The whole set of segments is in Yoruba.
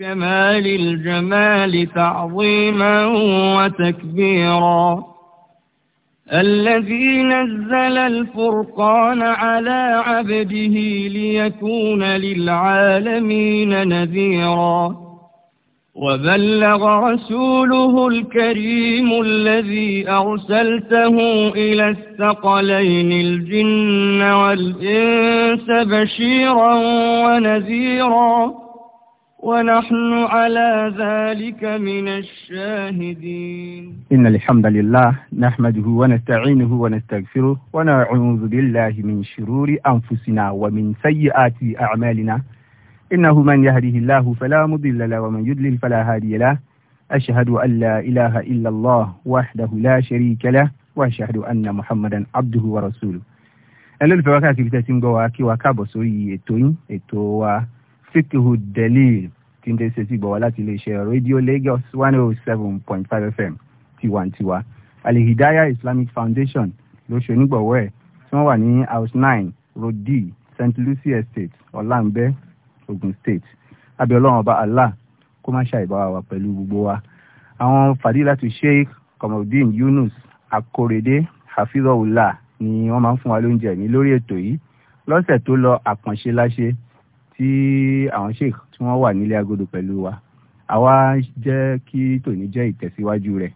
كمال الجمال تعظيما وتكبيرا الذي نزل الفرقان على عبده ليكون للعالمين نذيرا وبلغ رسوله الكريم الذي أرسلته إلى الثقلين الجن والإنس بشيرا ونذيرا ونحن على ذلك من الشاهدين إن الحمد لله نحمده ونستعينه ونستغفره ونعوذ بالله من شرور أنفسنا ومن سيئات أعمالنا إنه من يهده الله فلا مضل له ومن يدلل فلا هادي له أشهد أن لا إله إلا الله وحده لا شريك له وأشهد أن محمدا عبده ورسوله ẹlẹ́lùfẹ́ wákàtí ibi tẹ́tí ń gbọ́ wa kí fikihu delil tí ń tẹ́ ṣe sí gbọ̀wá láti iléeṣẹ́ rédíò Lagos one oh seven point five FM tiwantiwa alihidaya Islamic Foundation ló ṣe onígbọ̀wọ́ ẹ̀ tí wọ́n wà ní house nine road d St Lucie Estate ọ̀làǹbẹ Ogun State abẹ́ ọlọ́run ọba Allah kó má ṣàìbáwá wa pẹ̀lú gbogbo wa àwọn fadilatu Sheikh Kamaldeen Yunus Akorede hafizahullah ni wọ́n máa ń fún wa lóúnjẹ ní lórí ètò yìí lọ́sẹ̀ tó lọ àkànṣe láṣẹ tí àwọn sheikh tí wọ́n wà nílé agodo pẹ̀lú wa àwa jẹ́ kí tòní jẹ́ ìtẹ̀síwájú rẹ̀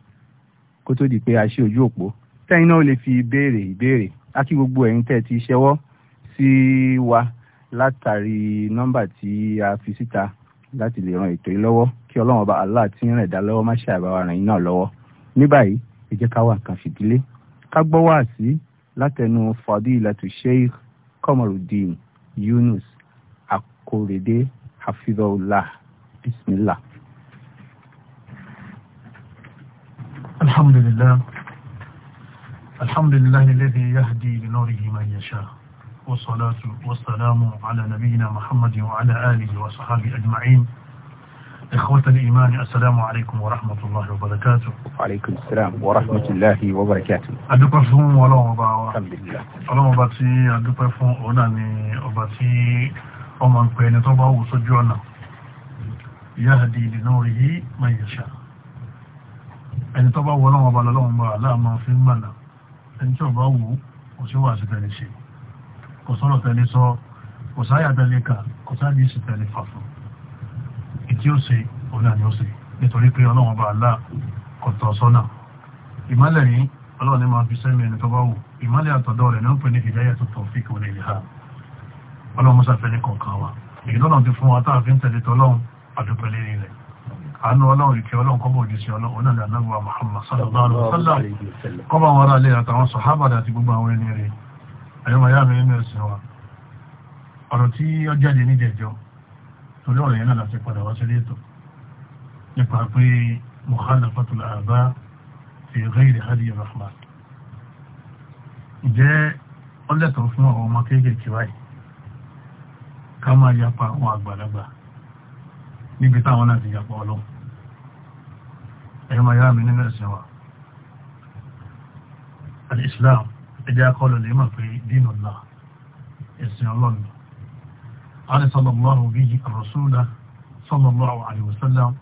kó tó di pé a ṣe ojú òpó tẹ́yìn náà lè fi béèrè ìbéèrè á kí gbogbo ẹ̀yin tẹ́ ti ṣẹ́wọ́ sí wa látàrí nọ́mbà tí a fi síta láti lè ran ètò yìí lọ́wọ́ kí ọlọ́run ọba Allah tí ń rẹ̀ dá lọ́wọ́ má ṣe àbáwá ràn yín náà lọ́wọ́ ní báyìí ẹ jẹ́ ká wá nǹkan fìdílé ká gbọ́ wá sí látẹnu fadilatu sheikh Kọmọrùdín Yunus kórèdé hafidhullah bismillah. alhamdulillah alhamdulillah alladhi yahdi li nurihi man yasha والصلاة والسلام على نبينا محمد وعلى آله وصحابه أجمعين إخوة الإيمان السلام عليكم ورحمة الله وبركاته وعليكم السلام ورحمة الله وبركاته أدوك فهم ولا مباوة الحمد لله ولا مباتي أدوك فهم وناني أباتي ọmọ ń pẹ́ ẹni tó bá wù sójú ọ̀nà yahdi li nurihi man yasha ẹni tó bá wù ọlọ́wọ́ bá lọ́wọ́ bá aláàmọ́ fi ń mọ̀nà ẹni tó bá wù kò sí wà sí tẹ̀lé ṣe kò sọ́rọ̀ tẹ̀lé sọ kò sáyà tẹ̀lé kà kò sáyà sí tẹ̀lé fàfọ́ ìtí ó ṣe òun náà ó ṣe nítorí pé ọlọ́wọ́ bá aláà kò tọ́ sọ́nà ìmọ́lẹ̀ yìí ni máa fi sẹ́mi ẹni tó bá wù ìmọ́lẹ̀ àtọ̀dọ̀ rẹ̀ ní ó pè ní hidayatu tawfiq wal ilham ọlọ́run mọ́sàfẹ́ ní kọ̀ọ̀kan wa èyí lọ́nà ti fún wa táà fi ń tẹ̀lé tọ́lọ́run àdúpẹ́lẹ́ rẹ̀ àánú ọlọ́run ìkẹ́ ọlọ́run kọ́bọ̀ òjíṣẹ́ ọlọ́run náà lànàgbà Muhammad sallallahu alaihi wasallam kọ́bà wọn rà lè àtàwọn sọ̀hábà àti gbogbo àwọn ẹni rẹ̀ àyọ́mọ̀ yá mi nínú ẹ̀sìn wa ọ̀rọ̀ tí ó jáde ní jẹjọ́ ọmọ kéékèèké ká máa yapa àwọn àgbàlagbà níbi táwọn náà ti yapa ọlọ́run ẹ̀yọ́ yára mi nínú ẹ̀sìn wa al-Islam ẹjẹ́ akọlù lè mọ̀ pé dínú ńlá ẹ̀sìn ọlọ́run àti sallallahu bihi ar-rasula sallallahu alaihi wasallam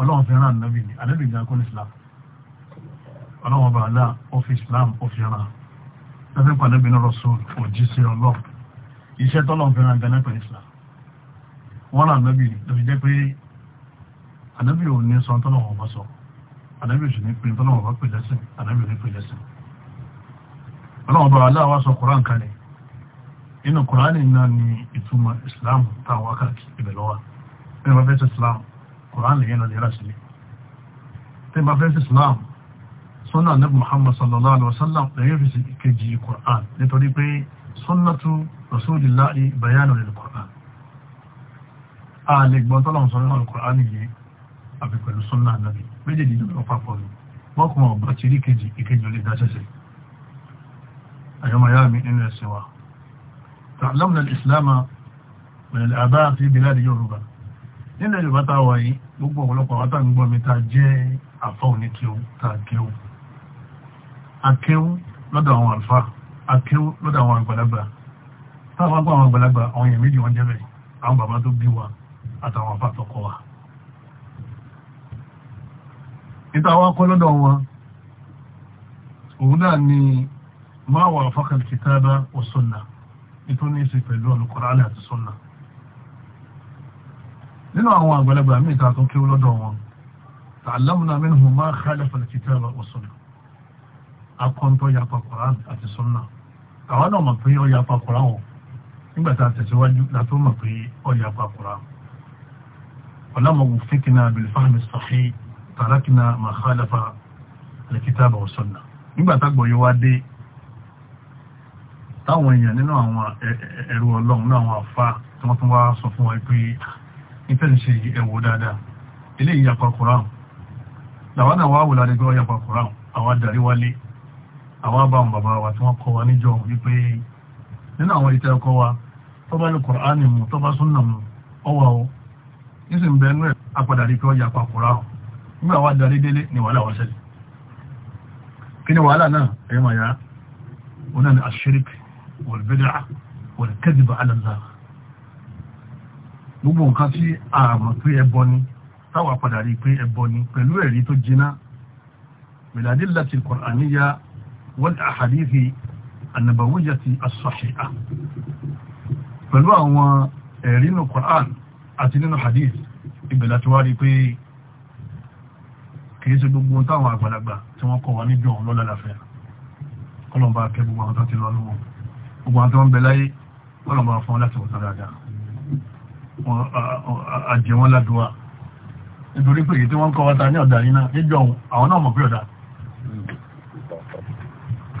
ọlọ́run fi rán nàbì ní àdẹ́bì ìdákún Islam ọlọ́run ọba àlá ó Islam ó fi rán lọ́fẹ́ pàdébìnrin rọ̀sùn òjíṣẹ́ ọlọ́run iṣẹ́ tọ́lọ̀ fẹ́ ran ganá pẹ̀lú islam wọ́n rà nábì lórí jẹ́ pé ànábì ò ní san tọ́lọ̀ ọ̀bá sọ ànábì òṣù ní pé tọ́lọ̀ ọ̀bá pè lẹ́sìn ànábì ò ní pè lẹ́sìn ọlọ́run bá aláwọ̀ sọ kùrán kalẹ̀ inú kùránì náà ni ìtumọ̀ islam táwọn wákàtí ibẹ̀ lọ́wọ́ bí wọ́n fẹ́ sí islam kùrán lè yẹn lọ lera sílẹ̀ tí wọ́n fẹ́ sí islam sunna nabi muhammad sallallahu alaihi wasallam lè yẹ fi sí ìkejì kùrán nítorí pé sunnatu rasulillahi bayanu lil Qur'an a lè gbọ́n tọ́lọ̀ sọ nínú Al-Qur'an yìí àbí pẹ̀lú sunna Nabi méjèèjì ló papọ̀ ni wọ́n kún ọ̀bá ti rí kejì ìkejì olè dáṣẹ́sẹ̀ àyọmọ̀yá mi nínú ẹ̀sìn wa ta'lamna al lọ́dọ̀ àwọn àlfà akéwú lọ́dọ̀ àwọn àgbàlagbà táwọn apá àwọn àgbàlagbà àwọn èèyàn méjì wọ́n jẹ́ bẹ̀ àwọn bàbá tó bí wa àtàwọn afá tọkọ wa níta wá kọ́ lọ́dọ̀ wọn òun náà ni máa wà fákàl kìtàbà wa sunna nítorí ní ṣe pẹ̀lú Al-Qur'ani àti sunna nínú àwọn àgbàlagbà míì ta tó kí lọ́dọ̀ wọn ta'allamna minhum ma khalafa al-kitaba wa sunna akọ́ntọ́ yapa Qur'an àti sunna àwọn náà mọ̀ pé ó yapa Qur'an nígbà tá a tẹ̀síwájú la tó mọ̀ pé ọ̀yà pàkúrà ọ̀làmọ̀wò fíkìnà bilfahmi sọ̀fí tàràkìnà màkàlàfà alkitaba wa sunna nígbà tá gbọ́yọ́ wá dé táwọn èèyàn nínú àwọn ẹ̀rù ọlọ́run náà àwọn àfá tí wọ́n tún wá sọ fún wa pé ìfẹ́ǹṣe ẹ̀wọ̀ dáadáa ilé ìyapa kùránù làwọn náà wá wò ládẹ́gbẹ́ ọ̀yapa àwọn adarí wálé àwọn bá bàbá wa tí wọ́n kọ́ wa níjọ wípé nínú àwọn ìtẹ́ ọkọ̀ wa tó bá ní kọ̀ránì mú tó bá súnnà mú ọwà o ní sì ń bẹ ẹnu ẹ̀ apàdàrí pé ọjà pàkùrá ọ̀ nígbà wá darí délé ni wàhálà wá ṣẹlẹ̀ kí ni wàhálà náà ẹ̀yẹ mà yá ó ni ashirik wọ̀lbẹ́dà annabawiyati as-sahiha pẹ̀lú àwọn ẹ̀rí nínú Qur'an àti nínú hadith ibẹ̀ láti wá rí pé kìí ṣe gbogbo táwọn àgbàlagbà tí wọ́n kọ́ wa níbi ọ̀hún lọ́lọ́láfẹ́ kọlọ̀mbà kẹ gbogbo àwọn tán ti lọ lọ́wọ́ gbogbo àwọn tó ń bẹ láyé kọlọ̀mbà fún láti wọ́n sáradà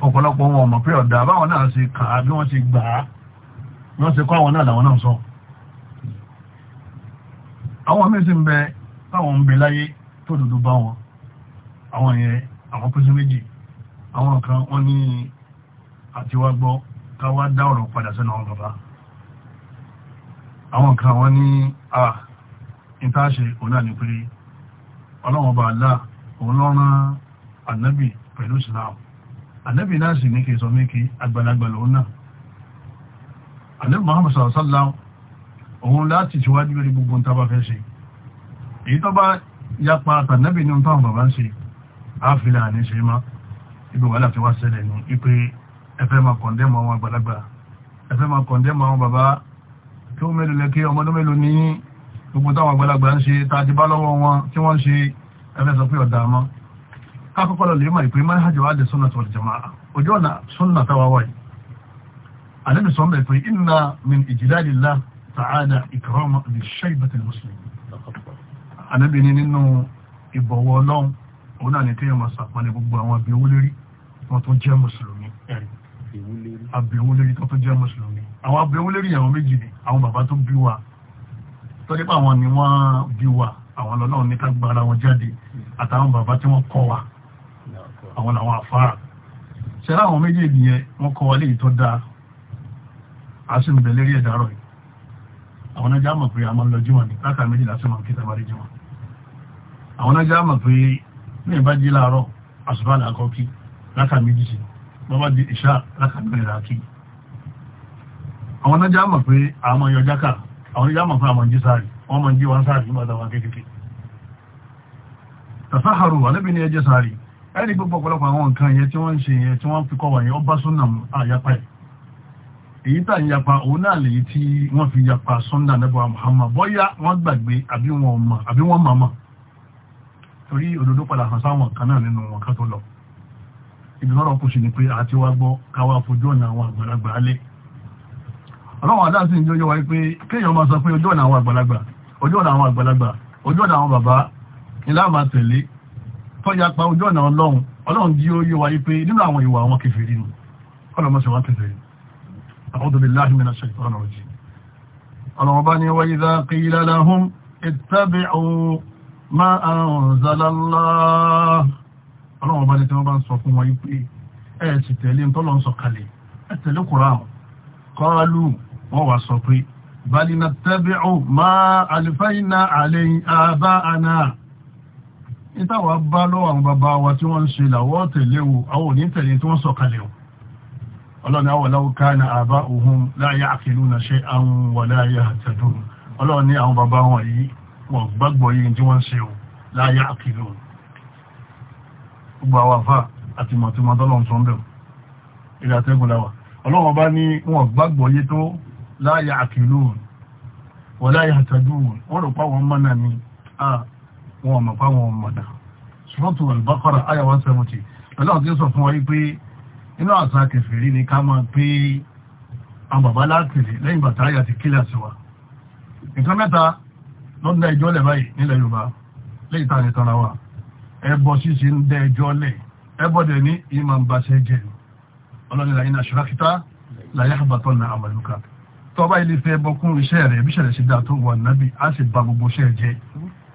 ọ̀pọ̀lọpọ̀ wọn ọmọ pé ọ̀dà báwọn náà ṣe kà á bí wọ́n ṣe gbà á wọ́n ṣe kọ́ àwọn náà làwọn náà sọ àwọn mí ń bẹ táwọn ń bẹ láyé tó dúdú bá wọn àwọn yẹn àwọn pín méjì àwọn kan wọ́n ní àti gbọ́ ká dá ọ̀rọ̀ padà sẹ́nu àwọn bàbá àwọn kan wọ́n ní à ìtaṣe òun náà ọlọ́wọ́n bá àlá òun lọ́rán ànábì pẹ̀lú ìsìláàmù ànábì náà sì ní kí sọ mékì àgbàlagbà lòun náà ànábì Muhammad sàrọ̀sọ́lá òun láti ṣíwájú lórí gbogbo ta bá fẹ́ ṣe èyí tó bá yapa àtànábì ní táwọn bàbá ń ṣe áfìlà ní ṣe má ibi wà láti wá ṣẹlẹ̀ ní ipé ẹfẹ́ ma kọ̀ndẹ́ mọ́ àwọn àgbàlagbà ẹfẹ́ ma kọ̀ndẹ́ mọ́ àwọn bàbá kí ó mélòó lẹ́kẹ́ ọmọdé mélòó ní gbogbo táwọn àgbàlagbà ń kákọ́kọ́ lọ lè mọ̀ ìpín manhaj wa ahli sunnah wal jamaa'ah ojú ọ̀nà súnà táwa wáyé ànábì sọ mẹ́ pé inna min ijlalillah ta'ala ikrama li shaybati al-muslimin ànábì ní nínú ìbọ̀wọ̀ ọlọ́run òun náà ní kéèyàn máa sàpọ́nlé gbogbo àwọn abẹ́wúlérí wọn tó jẹ́ mùsùlùmí abẹ́wúlérí tó tó jẹ́ mùsùlùmí àwọn abẹ́wúlérí àwọn méjì ni àwọn bàbá tó bí wa tọ́jú ni wọ́n bí àwọn lọ́lọ́run ní ká gbára wọn jáde àtàwọn bàbá tí wọ́n kọ́ wa àwọn làwọn àfáà ṣẹlá àwọn méjèèjì yẹn wọ́n kọ́ wọlé ìtọ́ da a sì ń bẹ̀ lérí ẹ̀dàrọ̀ yìí àwọn ajá mọ̀ pé a máa lọ jímọ̀ ní látà méjì láti máa kíta bá rí jímọ̀ àwọn ajá mọ̀ pé ní ìbá jí láàárọ̀ àṣùbá làákọ́ kí látà méjì sí bọ́bá di ìṣá látà mẹ́rin làákí àwọn ajá mọ̀ pé a máa yọ jákà àwọn ajá mọ̀ pé a máa jí sáàrì wọ́n máa jí wọn sáàrì nígbàtà wọn kékeré tasaharu alẹ́bìnrin ẹjẹ́ sáàrì ẹni gbogbo ọ̀pọ̀lọpọ̀ àwọn nǹkan yẹn tí wọ́n ń ṣe yẹn tí wọ́n fi kọ́ wà yẹn ó bá súnà àyapa ẹ̀ èyí tà ń yapa òun náà lèyí tí wọ́n fi yapa súnà nẹ́bọ̀ Muhammad bọ́yá wọ́n gbàgbé àbí wọ́n mọ̀ àbí wọ́n mọ̀ torí òdodo padà hàn sáwọn kan náà nínú wọn ká tó lọ ibi lọ́rọ̀ kù sí ni pé àti wá gbọ́ káwá fojú ọ̀nà àwọn àgbàlagbà alẹ́ ọlọ́wọ́n adá sí ìjọ wáyé pé kéèyàn máa sọ pé ojú ọ̀nà àwọn àgbàlagbà ojú ọ̀nà àwọn àgbàlagbà ojú ọ̀nà àwọn bàbá ni láàmà tẹ̀lé tó yapa ojú ọ̀nà ọlọ́run ọlọ́run jí ó yíò wáyé pé nínú àwọn ìwà àwọn kèfèrí nù ọlọ́mọsẹ̀ wá kèfèrí a'udhu billahi minash shaitanir rajim ọlọ́run bá ní wa idha qila lahum ittabi'u ma wọ́n bá ń sọ fún wọn pé ẹ sì tẹ̀lé ń tọ́lọ́ ń sọ kalẹ̀ ẹ ìtàwà bá lọ́wọ́ àwọn bàbá wa tí wọ́n ń ṣe làwọ́ tẹ̀lé o àwọn òní tẹ̀lé tí wọ́n sọ̀kalẹ̀ o ọlọ́ni awọ̀láwọ́ káàna àbá ohun la ya'qiluna shay'an wa la yahtadun ọlọ́ni àwọn bàbá wọn yìí wọ́n gbàgbọ́ yìí tí wọ́n ṣe o la ya'qilun gbogbo àwọn àfà wọ́n gbàgbọ́ wọn mọ́nà ni ah, wọn ọmọ pa wọn ọmọ náà ṣùgbọ́n tó wà lùbákọ́rà ayàwó sẹ́mùtì lọ́lọ́run tí ó sọ fún wa wípé inú àṣà kẹfìrí ni ká máa pé àwọn bàbá látìlì lẹ́yìn bàtà ayà ti kílẹ̀ sí wa nǹkan mẹ́ta ló ẹjọ́ lẹ̀ ilé fẹ́ bọ́kún iṣẹ́ rẹ̀ bí sí dáa tó wà nábì á sì ba gbogbo iṣẹ́ jẹ́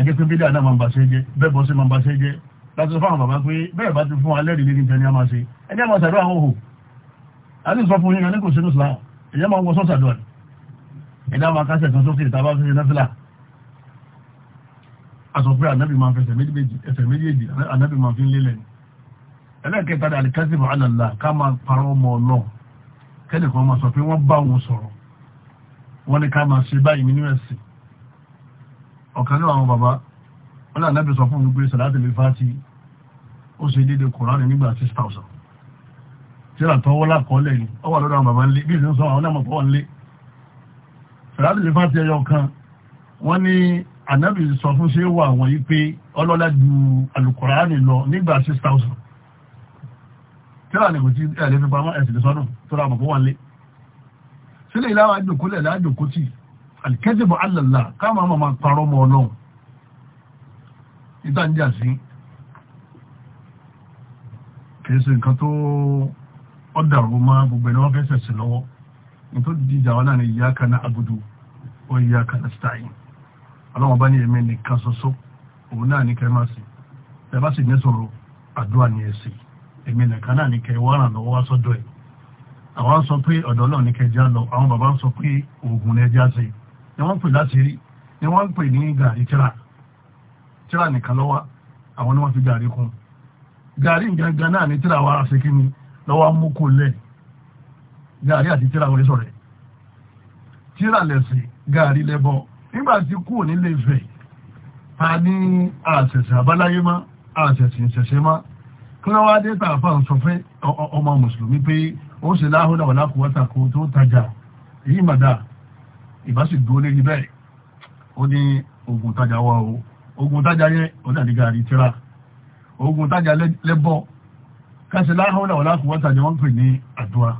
àjẹ́pẹ́ bídá náà ma ń bá ṣe jẹ́ bẹ́bọ̀ sí ma ń bá ṣe jẹ́ láti sọ fáwọn bàbá pé bẹ́ẹ̀ bá ti fún alẹ́rìí lérí nìkan ní a máa ṣe ẹjẹ́ máa ṣàdúrà àwọn òhò a ti sọ fún yíyan ní kò sínú sùlá ẹjẹ́ máa wọ sọ́sàdúrà ẹ̀dá máa kásẹ̀ kan sókè tàbá fi náfìlà a sọ pé anábì máa fẹsẹ̀ méjèèjì anábì máa fi lélẹ̀ ẹlẹ́kẹta dà alikásìbò sọ pé ọ̀kan ní àwọn bàbá wọ́n láà nẹ́bí sọ fún mi pé sàlátì lè fà tí ó ṣe dédé kòránì nígbà 6000 tí ó tọ́wọ́ lákọọ́lẹ̀ ni ó wà lọ́dọ̀ àwọn bàbá ńlé bí ìsìn sọ àwọn náà pọ̀ ńlé sàlátì lè fà tí ẹyọ kan wọ́n ní ànábì sọ fún ṣe wà wọ́n yí pé ọlọ́lá ju alùkòránì lọ nígbà 6000 tí ó wà ní kò tí ẹ̀lẹ́fipamọ́ ẹ̀sìn sọ́nù tó rà mọ̀ fún wọn lé sílẹ̀ ìlàwà ìdòkólẹ̀ láàdòkó tí alkẹ́sìbò alàlá káàmà máa máa parọ́ mọ́ ọlọ́run ìta ń jà sí kẹsì nǹkan tó ọ̀dàrú máa gbogbo ẹni wọ́n fẹ́ sẹ̀sì lọ́wọ́ nítorí jíjà wọn náà ni ìyá kan náà agudu ó ìyá kan náà stein ọlọ́wọ́n bá ní ẹ̀mí nìkan ṣoṣo òun náà ní kẹ́mà sí ẹ̀bá sì ní sọ̀rọ̀ àdúrà ní ẹ̀sì ẹ̀mí nìkan náà ní kẹ́ wọ́n ràn lọ́wọ́ sọ́dọ̀ ẹ̀ àwọn sọ pé ọ̀dọ́ náà ní kẹjá lọ àwọn bàbá sọ pé oògùn ẹjá sí i ni wọ́n ń pè láṣìírí ni wọ́n ń pè ní gàrí tíra tíra nìkan lọ́wọ́ àwọn ni wọ́n fi gàrí kún gàrí gangan náà ni tíra wa ṣe kí ni lọ́wọ́ mú kó lẹ̀ gàrí àti tíra wọlé sọ̀rẹ̀ tíra lẹ̀sìn gàrí lẹ́bọ̀ nígbà tí kúrò nílé Ifẹ̀ a ní àṣẹ̀ṣẹ̀ àbáláyé mọ́ àṣẹ̀ṣẹ̀ ìṣẹ̀ṣẹ̀ mọ́ kí wọ́n wá dé tààfà ń sọ fẹ́ ọmọ mùsùlùmí pé ó ṣe láhùn náà wọ́n lákùúwọ́ta kó tó tajà èyí màdá ìbá sì dúró lérí bẹ́ẹ̀ ó ní ogun tajà wá o ogun tajà yẹ ó dàdí gàrí tíra ogun tajà lẹ́bọ̀ kẹsì láhọ́lá wọ́n láti wọ́ta ni wọ́n pè ní àdúrà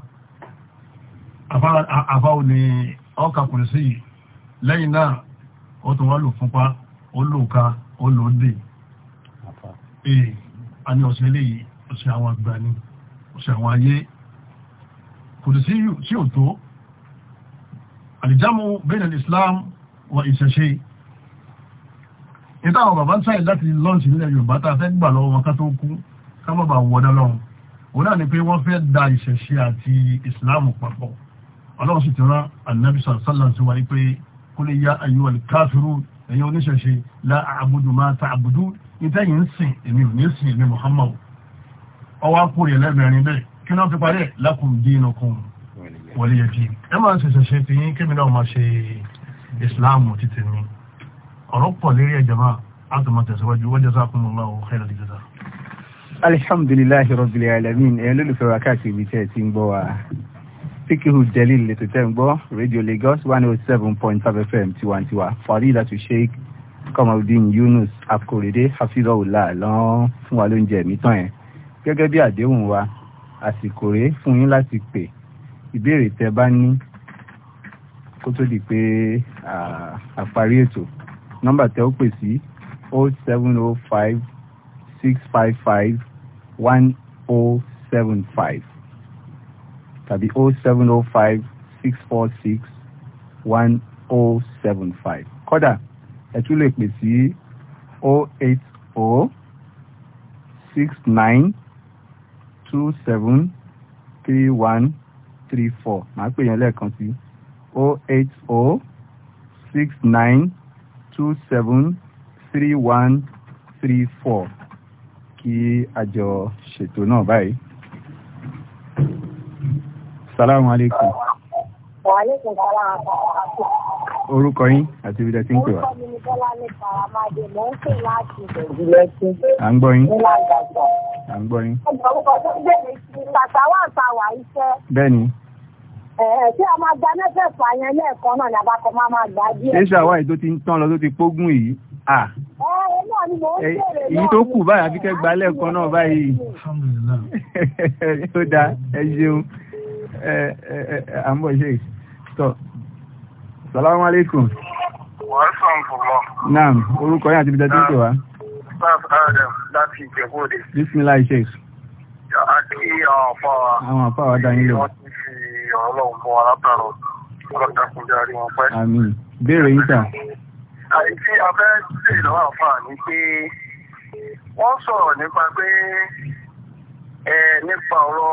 àfáwò ni ọkàkùnrin sí lẹ́yìn náà ó tún wá lò fúnpá ó lò ká ó lò dè ee a ní ọ̀sẹ̀ eléyìí ọ̀sẹ̀ àwọn àgbà ni ọ̀sẹ̀ àwọn ayé kùrìsí tí ò tó àlìjámù bẹ́ẹ̀nà islam wọ ìṣẹ̀ṣe ìtàwọn bàbá ń sáyẹ̀ láti lọ́nṣì nílẹ̀ yorùbá tàà fẹ́ gbà lọ́wọ́ wọn ká tó kú ká bàbá wọ́dá lọ́run òun náà ni pé wọ́n fẹ́ da ìṣẹ̀ṣe àti islam papọ̀ ọlọ́run sì ti rán annabi sallallahu sí wa ní pé kó lè yá ayú alkafiru ẹ̀yin oníṣẹ̀ṣe la àbùdù máa ta àbùdù náà fi parí ẹ̀ lakum wọlé yẹ kí ẹ máa ṣẹ̀ṣẹ̀ ṣe ti yín kémi náà máa ṣe ìsìláàmù títí mi ọ̀rọ̀ pọ̀ lérí ẹ̀jẹ̀ máa átùmọ̀ tẹ̀síwájú wọ́n jẹ́ sákùnmù láwọ̀ khairal jaza. alhamdulillahi rabbil alamin ẹ̀yẹn lólùfẹ́ wa káàkiri ibi tẹ́ ẹ ti ń gbọ́ wa fikihu delil lè tètè ń gbọ́ radio lagos one oh seven point five fm tiwantiwa fadilatu sheikh kọmọdún yunus akorede hafizahullah lọ́n fún wa lóúnjẹ mi tán yẹn gẹ́gẹ́ bí àdéhùn wa àsìkò rèé fún yín láti pè ìbéèrè tẹ́ bá ní kó tó di pé àparí ètò nọ́mbà tẹ́ ó pè sí 0705 655 1075 tàbí 0705 646 1075 kódà ẹ tún lè pè sí 080 69 27 31 three four màá pè yẹn lẹ́ẹ̀kan sí o oh eight o oh six nine two seven three one three four kí àjọ ṣètò náà báyìí. salaamaleykum. wàhálà ìṣẹ̀lẹ̀ àwọn àti orúkọ yín àti ibi tẹ́tí ń pè wá. orúkọ mi ni bọ́lá ní faramade mò ń gbọ́ yín. ní ń gbọ́ yín. orúkọ tó ń gbèmí sí a máa gba mẹ́fẹ̀ẹ̀fà yẹn lẹ́ẹ̀kan náà ni àbákọ́ máa máa gbà díẹ̀. ṣé ṣàwáyé tó ti ń tán lọ tó ti pógún yìí? èyí tó kù báyìí àfikẹ́ gba lẹ́ẹ̀kan náà báyìí ó dáa ẹ ṣeun ẹ ẹ àmọ́ ṣe tọ́. Salamu alaikum. Naam, orúkọ yín àti bíjẹ́ tí ó pè wá. Sars Adam láti Ìjẹ̀bú Òde. Bísmìlá Iṣẹ́. Àti àwọn àfáà wa. Àwọn àfáà wa dá yín lò. Wọ́n ti fi ọlọ́run bọ́ alábàárọ̀. Ọlọ́dàkùn jẹ́ àríwọ̀n pẹ́. Àmín. Béèrè yín tà. Àyè tí a fẹ́ ṣe ìlọ́wọ́ àfáà ni pé wọ́n sọ̀rọ̀ nípa pé nípa ọ̀rọ̀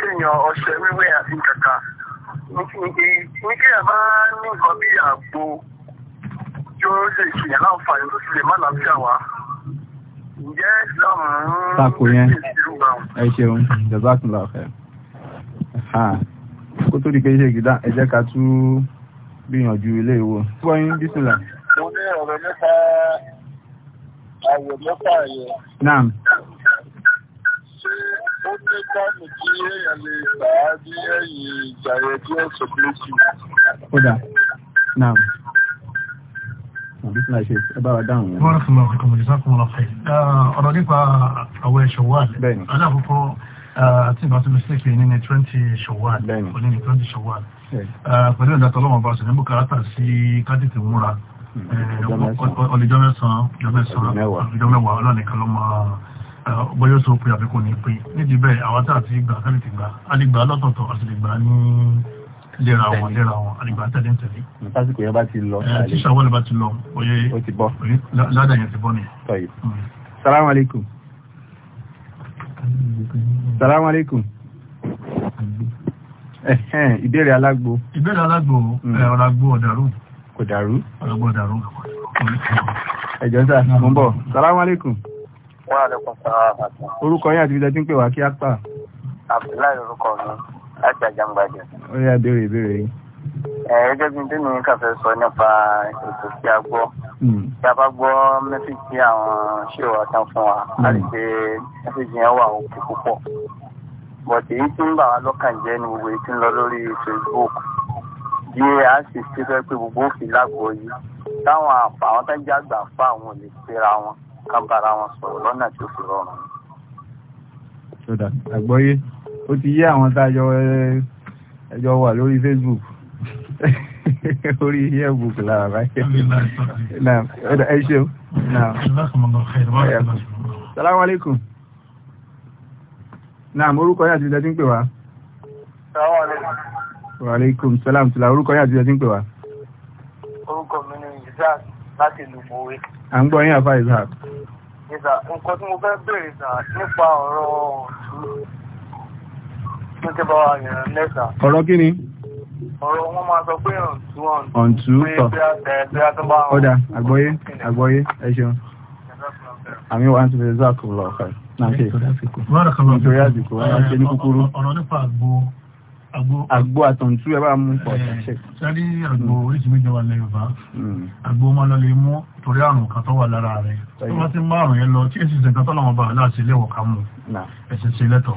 kéèyàn ọṣẹ wíwẹ̀ àti kàkà ní kí ẹ bá ní nǹkan bí àgbo tí ó lè ṣe yẹn láǹfààní tó sì lè má láfíà wá ǹjẹ́ ìsìlámù ń tako yẹn ẹ ṣeun jazakunla ọfẹ kó tó di pé ṣe gidá ẹ ká tún gbìyànjú ilé ìwò. mo ní ọ̀rọ̀ nípa àwẹ̀ mẹ́fà yẹn táàmù tí èèyàn lè gbà á ní ẹ̀yìn ìgbà yẹn tí ó sọ pé sí. ó dà náà bísí náà ṣe ẹ bá wa dáhùn yẹn. wọ́n fún mi ọ̀kọ̀tọ̀ mọ̀lẹ́ sákùn ọ̀la fẹ́. ọ̀rọ̀ nípa àwẹ̀ Ṣawwal. bẹ́ẹ̀ni aláàkókò àti ìbátan mi sí kìíní ní twenty Ṣawwal. bẹ́ẹ̀ni òní uh, ní twenty Ṣawwal. pẹ̀lú ìdájọ́ ọlọ́wọ́n bá ṣe ní bùkátà sí kádìtì múra. Hmm. Eh, ọ̀lẹ́jọ́ mẹ́sàn-án ọ̀lẹ́jọ́ mẹ́wàá ọlọ́nìkan ló máa Ah, bọ́yọ́ sọ pé àfikún ní pé nídìí bẹ́ẹ̀ àwọn tá àti gbà tẹ́lẹ̀ ti gbà alìgbà lọ́tọ̀ọ̀tọ̀ àti lè gbà ní lera wọn lera wọn alìgbà tẹ̀lé ń tẹ̀lé. lásìkò yẹn bá ti lọ. ẹ tí sàwọn bá ti lọ oyè ó ti bọ ládàá yẹn ti bọ ni. Hmm. salaam aleykum. salaam aleykum. ìbéèrè alágbo. ìbéèrè alágbo hmm. eh, ọ̀rọ̀ agbo ọ̀dàrú. kò dàrú. ọ̀rọ̀ agbo ọ̀dàrú. ẹ̀jọ̀ sà mo ń bọ̀ hmm. salaam aleykum orúkọ yín àti ìdájú ń pè wá kí á pà. Abdullahi orúkọ mi láti Àjàǹgbàdì. ó yà béèrè ìbéèrè yìí. ẹ gẹ́gẹ́ bí dèmi kà fẹ́ sọ nípa ètò tí a gbọ́ hmm. tí a bá gbọ́ mẹ́sì àwọn ṣé tán fún wa a lè ṣe mẹ́sì yẹn wà òkè púpọ̀ bọ̀dé yìí tí ń bà wá lọ́kàn jẹ́ ni gbogbo èyí tí ń lọ lórí Facebook bí a sì ṣe fẹ́ pé gbogbo òfin lágbo yìí táwọn àfà àwọn tó ń jà gbà fún àwọn ò lè ṣera ká bára wọn sọ̀rọ̀ lọ́nà tí ó fi rọrùn. sọdà àgbọ́yé ó ti yé àwọn tá a jọ wà lórí Facebook orí iye book lára báyìí ẹ ṣeun. salamu aleykum. naam orúkọ yàtí ìjọ tí ń pè wá. salamu aleykum. wa aleykum salam tula orúkọ yàtí ìjọ tí ń pè wá. orúkọ mi ni isaac láti ìlú à ń gbọ́ yín àfà ìzà. ìzà nǹkan tí mo fẹ́ béèrè ìzà nípa ọ̀rọ̀ òtún ní kí bá wà yẹn lẹ́sà. ọ̀rọ̀ kí ni. ọ̀rọ̀ wọn máa sọ pé ọ̀tún ọ̀tún tọ̀ ọ̀dà àgbọ́yé àgbọ́yé ẹ ṣeun. àmì wa ń tún fẹ́ zákùú lọ́ọ̀kan náà ṣe nítorí àdìkú wọn ṣe ní kúkúrú. ọ̀rọ̀ nípa àgbo Agbo àtọ̀ntú ẹ bá mú pọ̀ eh, ṣe. sẹ́rí àgbo mm. oríṣi méjì wà lẹ́yìn bá mm. àgbo máa lọ lè mú torí àrùn kan tó wà lára rẹ̀ tó bá ti mú àrùn yẹn lọ tí èsì ìsìn kan tọ́lọ́wọ́n bá aláàṣẹ ilé ìwọ̀ká mu ẹ̀sìn ṣe lẹ́tọ̀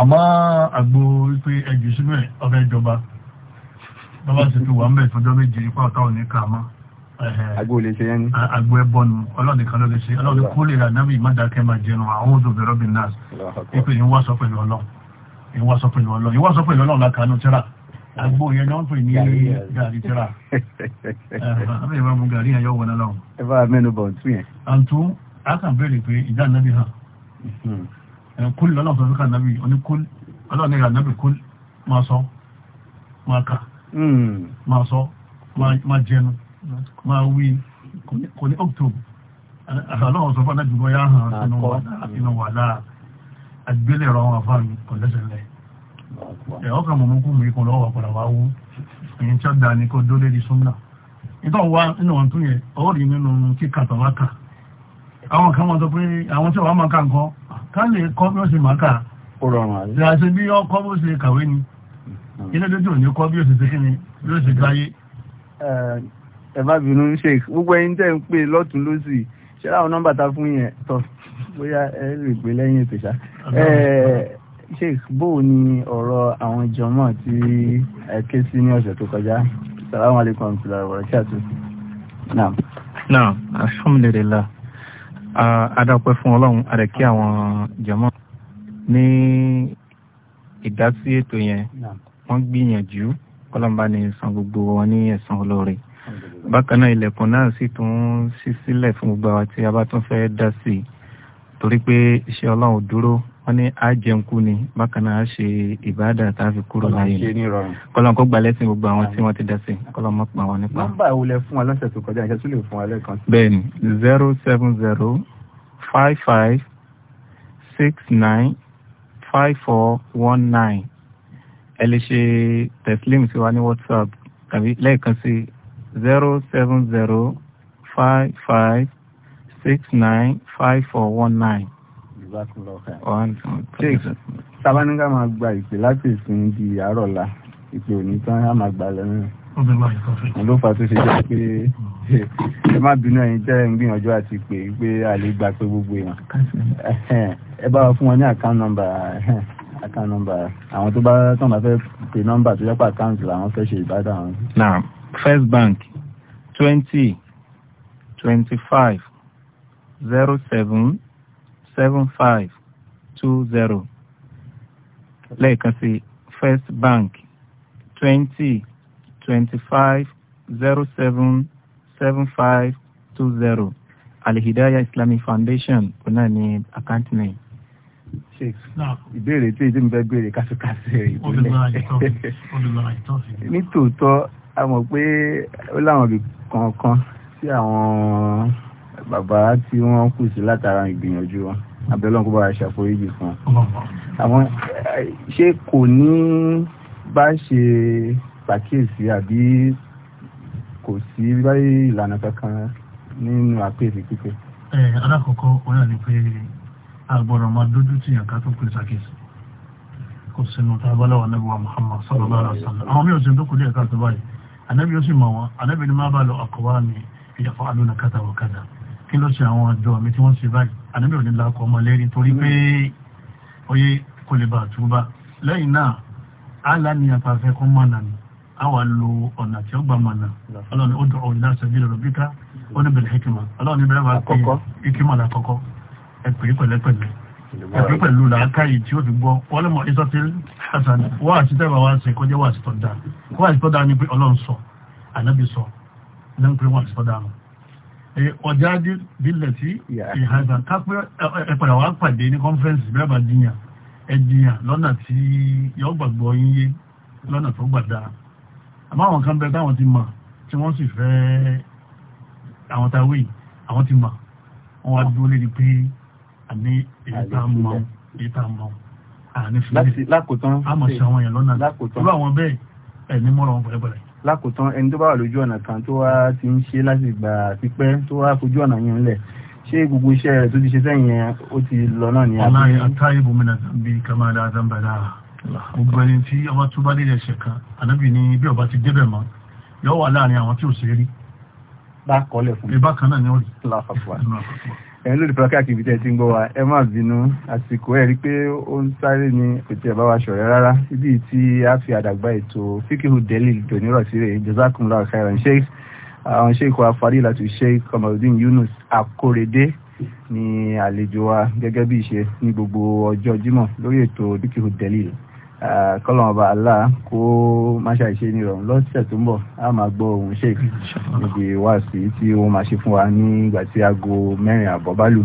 àmọ́ àgbo wípé ẹjù sínú ẹ̀ ọ̀fẹ́ ìjọba bàbá sì ti wà ń bẹ̀ tọjọ́ méje ipá ọ̀tá òní kà mọ́ àgbo lè ṣe ló lè ṣe ọlọ́ọ̀ni kúlè rà nábì má dákẹ́ má jẹun àwọn òdòdó rọ́bìn náà ipò yìí ń wá sọ pẹ̀lú ọlọ́ọ̀ ìwọ sọ pẹ̀lú ọlọ́ ìwọ sọ pẹ̀lú ọlọ́run lákàánú tíra àgbò yẹn náà ń pè ní gàrí tíra abẹ́ ìbá mú gàrí yẹn yọ wọlé lọ́wọ́. ẹ bá mẹ́nu bọ̀ tún yẹn. àǹtú a kàn bẹ̀rẹ̀ pé ìjà nàbì hàn hmm. kúl lọ́lọ́run sọ fún kàn nàbì oní kúl ọlọ́run ní nàbì kúl máa sọ máa kà hmm. máa sọ máa jẹnu máa wí kò ní october àtàlọ́wọ́ sọ fún anájú bọ́ yá hàn sínú wàhálà àgbélẹ̀rọ àwọn afáàmì kò lẹ́sẹ̀ lẹ́ ọkà mọ̀mọ́kú mú ikọ̀ lọ́wọ́ padà wá wú èyí tí ó dá ní kó dólé di súnmọ́ ìtọ́ wá nínú wọn tún yẹ rí nínú kan sọ pé àwọn tí wọ́n máa ka nǹkan ká lè kọ́ bí ó kà bí ó kọ́ bí hmm. ẹ bá bínú ṣe gbogbo ẹyin ń pè lọ́tún lọ́sì ṣé nọ́mbà ta fún yẹn tọ́ bóyá ẹ lè gbé sheikh bó ni ọ̀rọ̀ àwọn jọmọ́ tí ẹ ké sí ní ọ̀sẹ̀ tó kọjá salamu alaykum ṣùgbọ́n ọ̀rọ̀ ṣe àtò náà. náà alhamdulillah adápẹ́ fún ọlọ́run àrẹ̀kí àwọn jọmọ́ ní ìdásí ètò yẹn wọ́n gbìyànjú kọ́lọ́mbà ní san gbogbo wọn ní ẹ̀san olóore bákan náà ilẹ̀kùn náà sì tún ṣí sílẹ̀ fún gbogbo àwa tí a bá tún fẹ́ dá sí torí pé iṣẹ́ ọlọ́run dúró wọ́n ní a jẹun kú ni bákan náà a ṣe ìbáàdà tá a fi kúrò láyé ni kọlọ́n kó gbalẹ̀ sí gbogbo àwọn tí wọ́n ti dá sí kọlọ́n mọ́ pa wọn nípa. nọ́mbà wo fún wa lọ́sẹ̀ tó kọjá ìṣẹ́ tó lè fún wa lẹ́ẹ̀kan. bẹ́ẹ̀ni zero seven zero five five six nine five four one nine ẹ lè ṣe teslim sí wa ní whatsapp tàbí lẹ́ẹ̀kan sí zero seven zero five five six nine five four one nine tabaníkà máa gba ìpè láti ìsìn di àárọ̀ la ìpè òní tán á máa gbà lẹ́nu ló fà tó ṣe jẹ́ pé ẹ má bínú ẹ̀yin tẹ́ ń gbìyànjú àti pè pé a lè gba pé gbogbo èèyàn ẹ bá wa fún wọn ní account number account number àwọn tó bá tán bá fẹ́ pè number tó yẹ pé account làwọn fẹ́ ṣe ìbádà wọn. na First Bank twenty twenty five zero seven seven five two zero lẹ́ẹ̀kan sí First Bank twenty twenty five zero seven seven five two zero Al-Hidayah Islamic Foundation ọ̀nà ní àkáǹtì náà. ṣe ìbéèrè tí èdè mi fẹ́ béèrè kásìkásì rẹ̀ ìbílẹ̀. nítòótọ́ a mọ̀ pé ó láwọn ibì kọ̀ọ̀kan sí àwọn bàbá tí wọ́n kù sí látara ìgbìyànjú wọn abẹ́lọ́n kó bá a ṣàforíjì fún wọn. àwọn ṣé kò ní bá ṣe pàkíyèsí àbí kò sí báyìí ìlànà kankan nínú àpèsè pípé. ẹ alákọ̀ọ́kọ́ ọ̀yà ni pé agbọ́dọ̀ máa dójú tìyàn ká tó pè ṣàkíyèsí kò sínú tábàlọ́wà nàbíwá Muhammad sallallahu alaihi wasallam àwọn mìíràn ṣe ń tó kù díẹ̀ káàtó báyìí anabi yóò sì mọ̀ wọn anabi ni má bá lọ àkọ́wá ni ìyàfọ́ àlùna kátà wọ kí ló ṣe àwọn ọjọ́ mi tí wọ́n ṣe báyìí ànábì òní lakọ ọmọ lẹ́rin torí pé oyé kò lè bá àtúbà lẹ́yìn náà àlá ni àtàfẹ́ kọ́ mọ̀nà ni a wà lo ọ̀nà tí ó gbà mọ̀nà ọlọ́ni ó dọ̀ òní ṣẹ́jú lọ́rọ̀ bíkà ó ní bẹ̀rẹ̀ hikima ọlọ́ni bẹ̀rẹ̀ wà pé hikima làkọ́kọ́ ẹ pè é pẹ̀lẹ́pẹ̀lẹ́ ẹ pè é pẹ̀lú làákàyè tí ó fi gbọ́ ọlọ́mọ isọ́tìrì hasan wà á ti tẹ́wà wá ṣe kọjá wà á ọjá dílẹ̀ tí ìhàzà kápẹ́ ẹ̀pẹ̀rẹ̀ wà pàdé ní kọ́nfẹ́nsì bẹ́ẹ̀bà díyàn ẹ̀dìyàn lọ́nà tí yọ gbàgbọ́ yíyé lọ́nà tó gbàdá àmọ́ àwọn kan bẹ táwọn ti mọ̀ tí wọ́n sì fẹ́ àwọn tawí àwọn ti mọ̀ wọ́n wá dúró lè pé àní ìta mọ̀ ìta mọ̀ àní fìlẹ̀ àmọ̀ sí àwọn èèyàn lọ́nà irú àwọn bẹ́ẹ̀ ẹ̀ ní mọ́ra wọn pẹ̀lẹ́pẹ̀lẹ́ lákòótán ẹni tó bá wà lójú ọ̀nà kan tó wá ti ń ṣe láti ìgbà pípẹ́ tó wá fojú ọ̀nà yẹn ńlẹ̀ ṣé gbogbo iṣẹ́ rẹ̀ tó ti ṣe sẹ́yìn yẹn ó ti lọ náà ni. ọ̀la ata ibo mi náà bí kama da zamba da gbogbo ẹni tí ọba tó bá nílẹ̀ ṣe kan ànábì ni bí ọba ti débẹ̀ mọ́ yọ wà láàrin àwọn tí ò ṣe rí. bá kọ́lẹ̀ fún mi. ìbá náà ni ó rí ẹ̀yìn lórí pàkà kìí tẹ́ ti ń gbọ́ wa ẹ má bínú àsìkò ẹ̀ rí pé ó ń sáré ní ètò ẹ̀bá wa ṣọ̀rẹ́ rárá ibi tí a fi àdàgbà ètò fíkìhù délì tònírọ̀ sí rè jazakumullahu khairan sheikh àwọn sheikh wa fadilatu sheikh Kamaludin Yunus Akorede ní àlejò wa gẹ́gẹ́ bí ìṣe ní gbogbo ọjọ́ Jímọ̀ lórí ètò fíkìhù délì Eh, kọ́lọ́mù ọba Allah kó máṣá ìṣe ní ìrọ̀rùn lọ́sẹ̀ tó ń bọ̀ a máa gbọ́ ohun sheik níbi wáàsí tí wọ́n máa ṣe fún wa nígbà tí aago mẹ́rin àbọ̀ bá lù.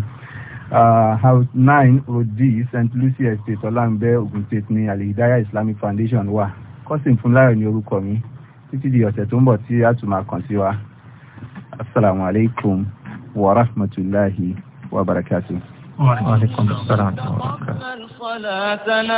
Eh, house nine road d st lucy estate ọlámbẹ ogun state ní alihidaya islamic foundation wà kọ́sìn fúnláyọ̀ ní orúkọ mi títí di ọ̀sẹ̀ tó ń bọ̀ tí a tún máa kàn sí wa. asalaamu alaykum wa rahmatulahi wa barakatu. wa alaykum salaam wa barakatu.